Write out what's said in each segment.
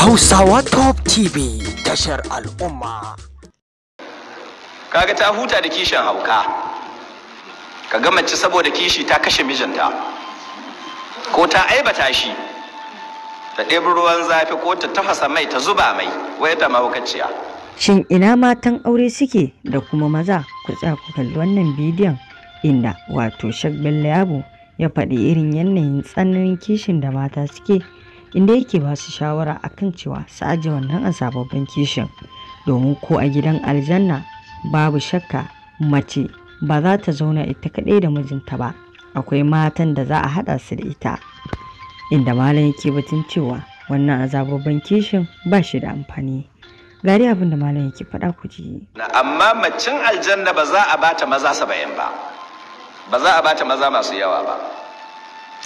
Hausawa Top TV tashar al'umma. Kaga ta huta da kishin hauka. ka mace saboda kishi ta kashe mijinta. Ko ta aibata shi. Ta ɗebi ruwan zafi ko ta tafasa mai ta zuba mai wai ta mahaukaciya. Shin ina matan aure suke da kuma maza ku tsaya ku kalli wannan bidiyon inda wato Shak ya faɗi irin yanayin tsananin kishin da mata suke. inda yake ba su shawara akan cewa su ajiye wannan a sababbin kishin domin ko a gidan aljanna babu shakka mace ba za ta zauna ita kaɗai da mijinta ba akwai matan da za a haɗa su da ita inda malam yake batun cewa wannan azababban kishin ba shi da amfani gari abin da malam yake faɗa ku ji. amma macin aljanna ba za a bata maza saba'in ba ba za a bata maza masu yawa ba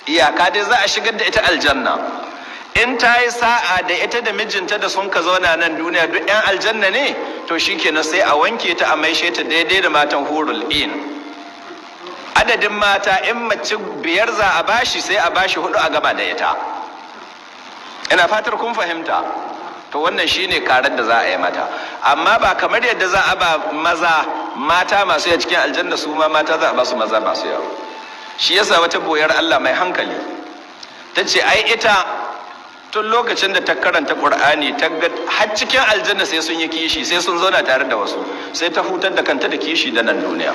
iyaka dai za a shigar da ita aljanna in ta yi sa'a da ita da mijinta da sun ka zauna nan duniya duk 'yan aljanna ne to shi shikenan sai a wanke ta a maishe ta daidai da matan hurul in adadin mata in mace biyar za a bashi sai a bashi hudu a gaba da ita ina fatar kun fahimta to wannan shi ne karar da za a yi mata amma ba kamar yadda za a ba maza mata masu yawa cikin aljanna su ma mata za a ba su maza masu yawa shi yasa wata boyar Allah mai hankali ta ce ai ita tun lokacin da ta karanta ƙur'ani ta ga har cikin aljanna sai sun yi kishi sai sun zauna tare da wasu sai ta hutar da kanta da kishi da nan duniya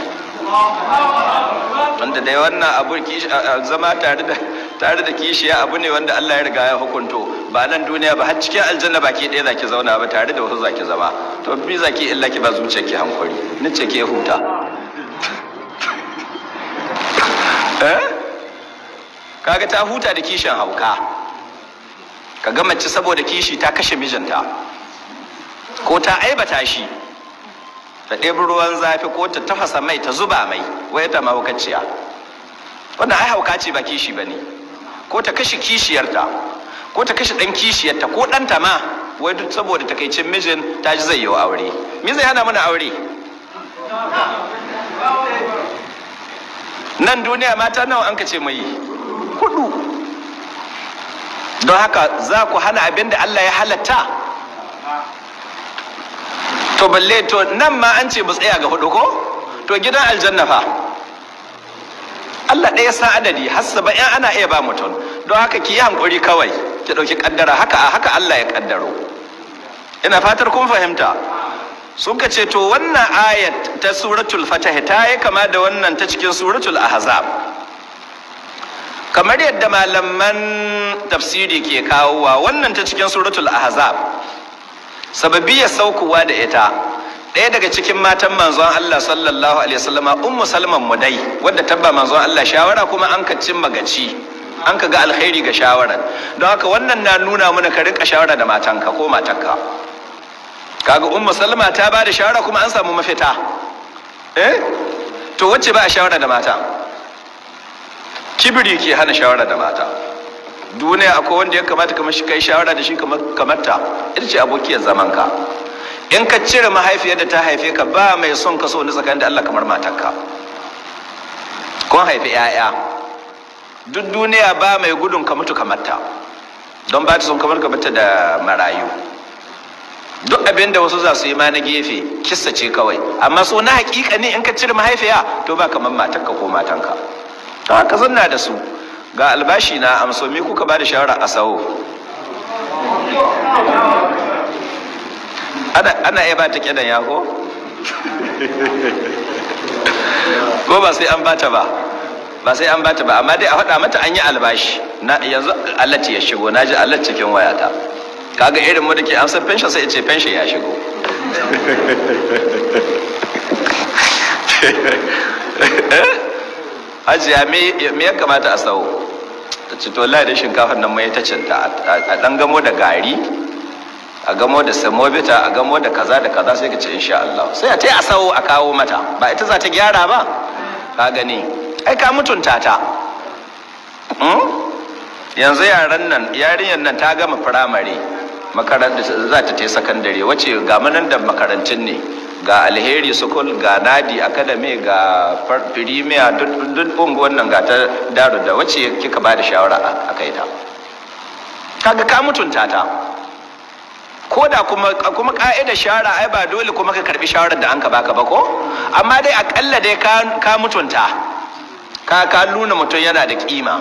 wanda dai wannan abu zama tare da tare da abu ne wanda Allah ya riga ya hukunto ba nan duniya ba har cikin aljanna baki ɗaya zaki zauna ba tare da wasu zaki zama to bi zaki illa ki ba zuciya ki hankuri ni ce ke huta eh? kaga ta huta da kishin hauka ka ga mace saboda kishi ta kashe mijinta ko ta aibata shi ta ɗebi ruwan zafi ko ta tafasa mai ta zuba mai wai ta mahaukaciya wannan ai hauka ce ba kishi ba ne ko ta kashe kishiyarta ko ta kashe ɗan kishiyarta ko ɗanta ma wai duk saboda takaicin mijin ta ji zai yi aure me zai hana mana aure nan duniya mata nawa an ka ce mai hudu don haka za ku hana abin da Allah ya halatta to balle to nan ma an ce ba tsaya ga hudu ko to gidan aljanna fa Allah ɗaya san adadi ba in ana iya ba mutum don haka ki yi hankuri kawai ki ɗauki kaddara haka a haka Allah ya kaddaro ina fatar kun fahimta suka ce to wannan ayat ta suratul fatah ta yi kama da wannan ta cikin suratul ahzab kamar yadda malaman tafsiri ke kawowa wannan ta cikin suratul ahzab sababiyya saukowa da ita ɗaya daga cikin matan manzon Allah sallallahu alaihi wasallama ummu salman mudai wadda tabba manzon Allah shawara kuma an kacin magaci an ka ga alkhairi ga shawara, don haka wannan na nuna mana ka rinka shawara da matanka ko matanka kaga ummu salma ta ba da shawara kuma an samu mafita eh to wacce ba a shawara da mata kibiri ke hana shawara da mata duniya akwai wanda ya kamata kamar shi kai shawara da shi kamar ta ita ce abokiyar zaman ka in ka cire mahaifiyar da ta haife ka ba mai son ka so ni tsakanin da Allah kamar matarka kun haifi 'ya'ya duk duniya ba mai gudun ka mutu kamar ta don ba ta son kamar ka bata da marayu duk abin da wasu za su yi ma na gefe kissa ce kawai amma so na hakika ne in ka cire mahaifiya to ba kamar matarka ko matanka ta ka zanna da su ga albashi na amso me kuka ba da shawara a sawo ana iya ba ta kyadan yako ko ba sai an bata ba ba sai an bata ba amma dai a faɗa mata an yi albashi yanzu allaci ya shigo na ji allaci cikin wayata kaga irin mu da ke amsar fenshin sai ce pension ya shigo eh hajiya me ya kamata a sau ta ci to da shinkafar nan mai ta cinta a dan gamo da gari a gamo da samobita a gamo da kaza da kaza sai ka ce insha Allah sai a ta a sau a kawo mata ba ita za ta gyara ba ka gani ai ka mutunta ta hmm? yanzu yaran nan yarinyar nan ta gama firamare makaranta za ta tai sakandare wace ga manan da makarantun ne ga alheri sukul ga nadi academy ga premier duk unguwan nan ga ta daru da wace kika ba da shawara a kai ta kaga ka mutunta ta ko da kuma kuma ka'idar shawara ai ba dole kuma ka karbi shawarar da an ka baka ba ko amma dai akalla dai ka mutunta ka ka nuna mutum yana da kima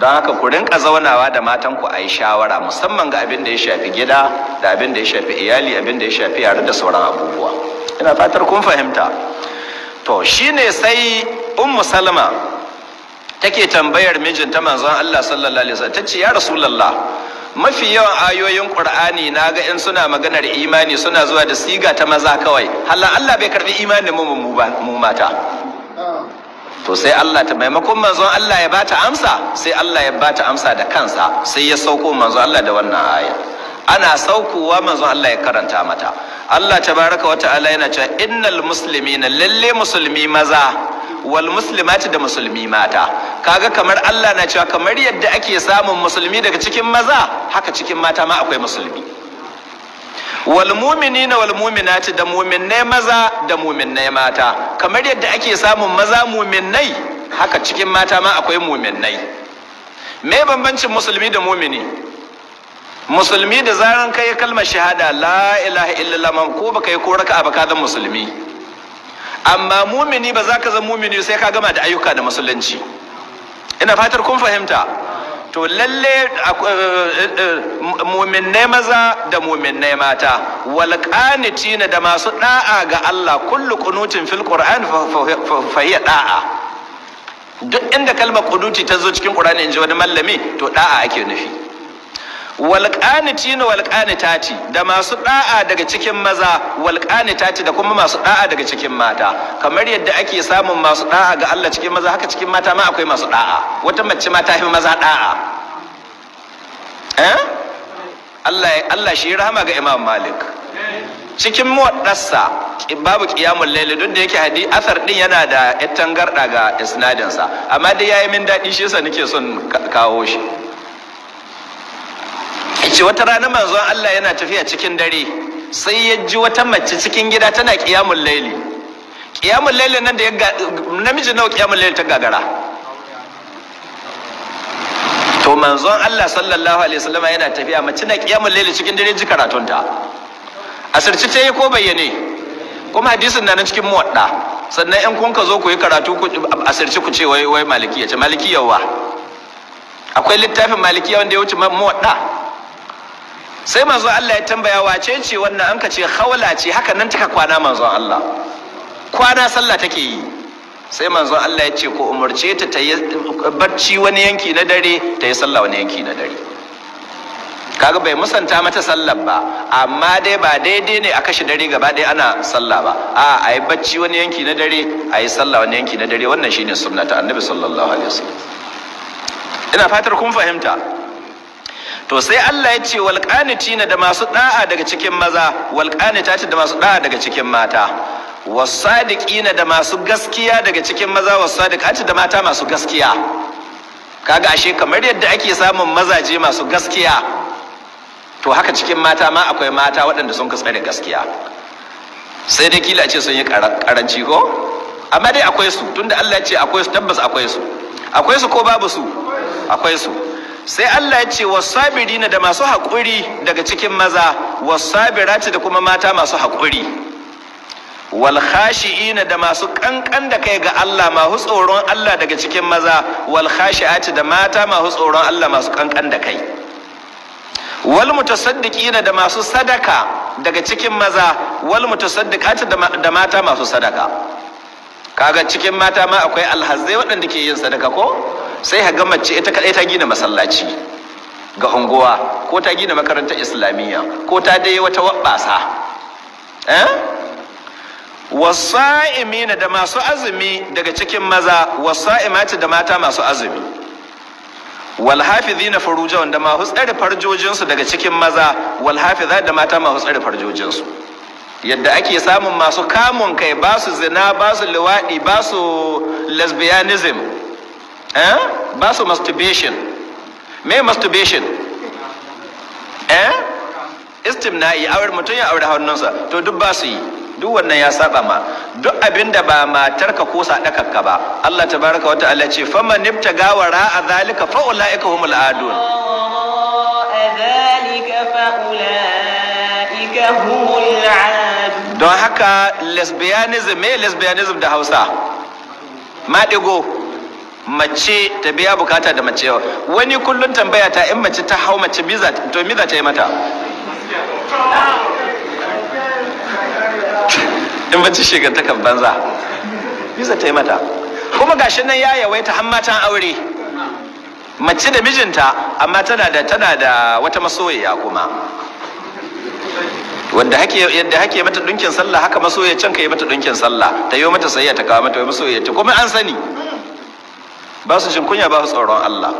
don haka ku rinka zaunawa da matan ku a yi shawara musamman ga abin da ya shafi gida da abin da ya shafi iyali abin da ya shafi yare da sauran abubuwa ina fatar kun fahimta to ne sai ummu salama take tambayar mijinta manzon Allah sallallahu alaihi wasallam tace ya rasulullah mafi yawan ayoyin qur'ani ga in suna maganar imani suna zuwa da siga ta maza kawai halan Allah bai karbi imanin mu mu mata to sai Allah ta maimakon manzon Allah ya bata amsa sai Allah ya bata amsa da kansa sai ya sauko manzon Allah da wannan aya ana saukowa manzon Allah ya karanta mata Allah tabaraka wa ta'ala yana cewa innal muslimina lalle musulmi maza wal muslimati da musulmi mata kaga kamar Allah na cewa kamar yadda ake samun musulmi daga cikin maza haka cikin mata ma akwai musulmi Walmumini na walmuminati ce da mu'minnai maza da mu'minnai mata kamar yadda ake samun maza muminai haka cikin mata ma akwai muminai me bambancin musulmi da mu'mini musulmi da zaran kai kalmar shahada la ilaha illallah man ko baka yi ko ba ka zama musulmi amma mumini ba za ka zama mumini sai ka gama da ayyuka da musulunci ina fatar kun fahimta to lalle eh, eh, eh, muminai maza da muminai mata wal tina da masu da'a ga Allah kullu qunutin fil qur'an fa hiya da'a duk inda kalmar qunuti ta zo cikin qur'ani inji wani mallami to da'a ake nufi walƙanitina walƙanitati da masu ɗa'a daga cikin maza walƙanitati da kuma masu ɗa'a daga cikin mata kamar yadda ake samun masu ɗa'a ga Allah cikin maza haka cikin mata ma akwai masu ɗa'a wata mace ma ta fi maza ɗa'a eh Allah Allah shi rahama ga Imam Malik cikin muwaddarsa babu qiyamul layl duk da yake hadi athar din yana da ittangarda ga sa amma dai yayi min dadi shi yasa nake son kawo shi ce wata rana manzon Allah yana tafiya cikin dare sai ya ji wata mace cikin gida tana kiyamun laili kiyamun laili nan da ya ga namiji nawa kiyamun laili ta gagara to manzon Allah sallallahu alaihi wasallam yana tafiya mace na kiyamun laili cikin dare ji karatunta asirci ta yi ko bayyane kuma hadisin na nan cikin muwadda sannan in kun ka zo ku yi karatu ku asirci ku ce wai wai malikiya ce malikiyawa akwai littafin malikiya wanda ya wuce muwadda sai manzo Allah ya tambaya wace ce wannan an kace ce khawla ce haka nan taka kwana manzo Allah kwana sallah take yi sai manzo Allah ya ce ko umarce ta ta yi barci wani yanki na dare ta yi sallah wani yanki na dare kaga bai musanta mata sallar ba amma dai ba daidai ne a kashe dare gaba ɗaya ana sallah ba a a yi bacci wani yanki na dare a yi sallah wani yanki na dare wannan shine sunna ta annabi sallallahu alaihi wasallam ina fatar kun fahimta to sai Allah ya ce wal na da masu da'a daga cikin maza wal qanitati da masu da'a daga cikin mata na da masu gaskiya daga cikin maza ce da mata masu gaskiya kaga ashe kamar yadda ake samun mazaje masu gaskiya to haka cikin mata ma akwai mata waɗanda sun kusa da gaskiya sai dai kila ce sun yi karanci ko amma dai akwai su tunda Allah ce akwai su tabbas akwai su akwai su ko babu su akwai su sai Allah ya ce wasabirina da masu haƙuri daga cikin maza wasabirati da kuma mata masu haƙuri wal khashi'ina da masu kankan da kai ga Allah masu tsoron Allah daga cikin maza wal khashi'ati da mata masu tsoron Allah masu kankan da kai wal mutasaddiqina da masu sadaka daga cikin maza wal mutasaddiqati da mata masu sadaka kaga cikin mata ma akwai alhazzai waɗanda ke yin sadaka ko sai haga mace ita kadai ta gina masallaci ga unguwa ko ta gina makarantar islamiyya ko ta dai wata wabbasa eh? wasa'imi na da masu azumi daga cikin maza wasa'imati da mata masu azumi wal hafizina wanda da masu tsare farjojinsu daga cikin maza walhafiza da mata masu tsare farjojinsu yadda ake samun masu kamun kai ba su zina ba su liwaɗi ba su lesbianism eh ba su masturbation me masturbation eh istimna'i awar mutum ya aure hannunsa to duk ba su yi duk wannan ya saba ma duk abin da ba matarka ko sadakakka ba Allah tabaraka wa ta'ala ce man ibtaga gawara a zalika fa ulaika humul adun don haka lesbianism me lesbianism da Hausa maɗigo mace ta biya bukata da mace wani kullum tambaya ta in mace ta hau mace biza to miza ta yi mata in mace shiga ta banza biza ta yi mata kuma gashi nan ya yawaita har aure mace da mijinta amma tana da tana da wata masoyiya kuma wanda hake yadda hake mata dunkin sallah haka masoyiyar can ka yi mata dunkin sallah ta yi mata sayyata ka mata masoyiyar ta kuma an sani ba su jin kunya ba su tsoron Allah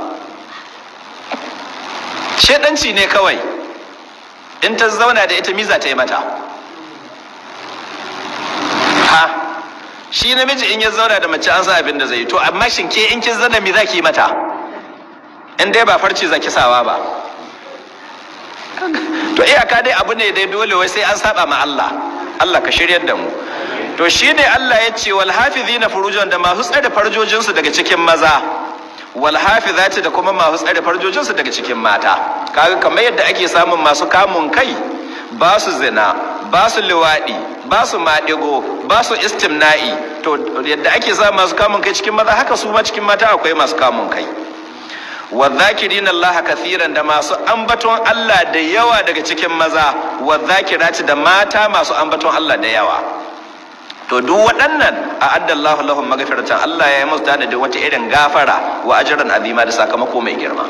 shedanci ne kawai in ta zauna da ita miza ta yi mata ha shi namiji in ya zauna da mace an sa abin da zai yi, to amma shin ke in kin zauna mi za ki yi mata in dai ba farce za ki sawa ba to iyaka dai abu ne dai dole wai sai an saba ma Allah Allah ka shiryar da mu to shi ne Allah ya ce wal hafizina furujan da masu tsare farjojinsu daga cikin maza wal hafizati da kuma masu tsare farjojinsu daga cikin mata kaga kamar yadda ake samun masu kamun kai ba su zina ba su liwaɗi ba su maɗigo ba su istimna'i to yadda ake samun masu kamun kai cikin maza haka su ma cikin mata akwai masu kamun kai والذاكرين الله كثيرا da masu ambaton Allah da yawa daga cikin maza wadhakirati da mata masu ambaton Allah da yawa to duk waɗannan a addallahu lahum magfiratan Allah ya yi musu tanadin wata irin gafara wa ajran azima da sakamako mai girma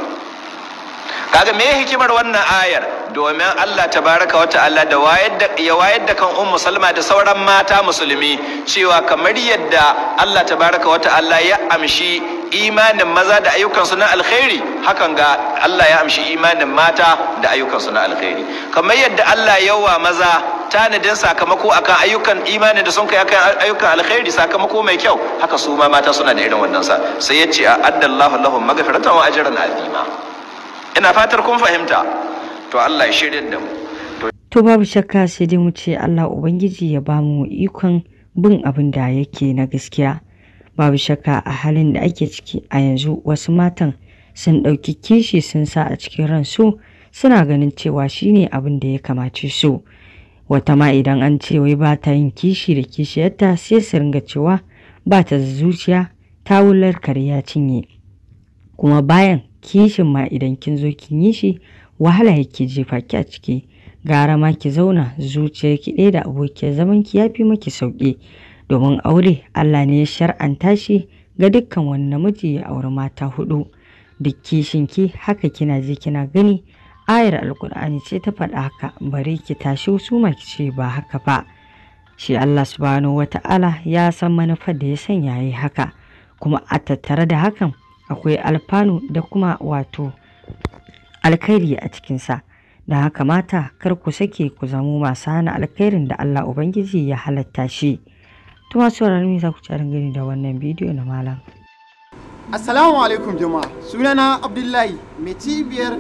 kaga me hikimar wannan ayar domin Allah tabaraka wa ta'ala da wayar da ya wayar da kan ummu salma da sauran mata musulmi cewa kamar yadda Allah tabaraka wa ta'ala ya amshi imanin maza da ayyukansu na alkhairi hakan ga Allah ya amshi imanin mata da ayyukansu na alkhairi kamar yadda Allah yawa maza tanadin sakamako akan ayyukan imani da sun kai akan ayyukan alkhairi sakamako mai kyau haka su ma mata suna da irin wannan sa sai ya ce a addallahu lahum maghfiratan wa ajran azima ina fatar kun fahimta to Allah ya shirye da mu to babu shakka sai dai mu ce Allah ubangiji ya ba mu ikon bin abin da yake na gaskiya babu shakka a halin da ake ciki a yanzu wasu matan sun ɗauki kishi sun sa a cikin ransu suna ganin cewa shine abin da ya kamace su wata ma idan an ce wai ba ta yin kishi da kishiyarta sai su ringa cewa ba ta zuciya ta wular karya cinye kuma bayan kishin ma idan kin zo kin yi shi wahala ya yake jefa ki a ciki gara ma ki zauna zuciyar ki ɗaya da abokiyar zaman ki ya fi maki sauƙi domin aure Allah ne ya shar'anta shi ga dukkan wani namiji ya auri mata hudu duk kishin ki haka kina je kina gani ayar alkur'ani ce ta faɗa haka bari ki tashi husuma ki ce ba haka ba shi Allah subhanahu wata'ala ya san manufar da ya sanya yi haka kuma a tattare da hakan akwai alfanu da kuma wato alkhairi a cikinsa da haka mata kar ku sake ku zamo masu hana alkhairin da Allah Ubangiji ya halatta shi. Tuma sauraron me za ku ci gani da wannan bidiyo na malam. Assalamu alaikum jama'a sunana Abdullahi mai cibiyar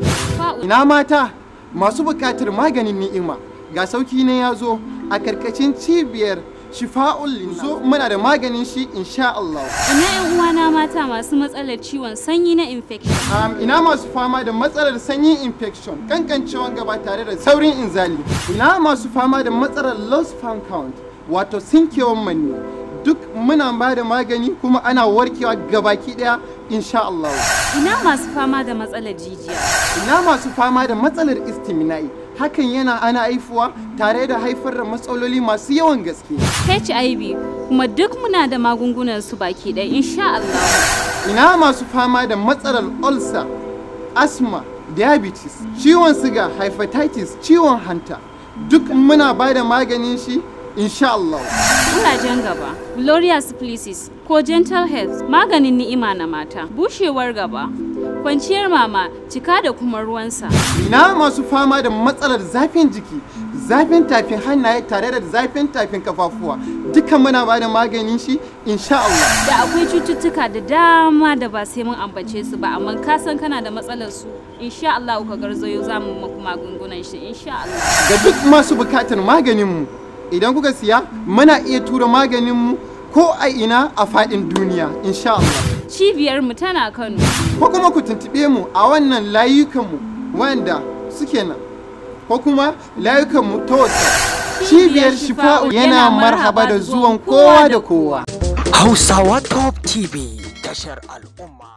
ina mata masu bukatar maganin ni'ima ga sauki ne ya zo a karkashin cibiyar shifa'ul zo muna da maganin shi insha Allah. Ina yan uwana mata masu matsalar ciwon sanyi na infection. ina masu fama da matsalar sanyin infection, kankancewan gaba tare da saurin inzali. Ina masu fama da matsalar lost sperm count, wato sinkewan maniyyi. duk muna ba da magani kuma ana warkewa gabaki daya insha Allah ina masu fama da matsalar jijiya ina masu fama da matsalar istimina'i hakan yana ana haifuwa tare da haifar da matsaloli masu yawan gaske HIV kuma duk muna da magungunan su baki daya insha Allah ina masu fama da matsalar ulcer asma diabetes ciwon siga hepatitis ciwon hanta duk muna ba da maganin shi insha Allah kurajen gaba glorious places ko gentle health maganin ni'ima na mata bushewar gaba kwanciyar mama cika da kuma ruwansa ina masu fama da matsalar zafin jiki zafin tafin hannaye tare da zafin tafin kafafuwa dukkan muna ba da maganin shi insha Allah da akwai cututtuka da dama da ba sai mun ambace su ba amma ka san kana da matsalar su insha Allah ka mu maku magungunan shi insha Allah ga duk masu bukatar maganin mu idan kuka siya muna iya tura maganin mu ko a ina a faɗin duniya insha Allah. mu tana Kano. Ko kuma ku tuntuɓe mu a wannan layukanmu wanda suke nan. Ko kuma layukanmu ta wata. Cibiyar Shifa'u yana marhaba da zuwan kowa da kowa. Hausawa Top TV tashar al'umma.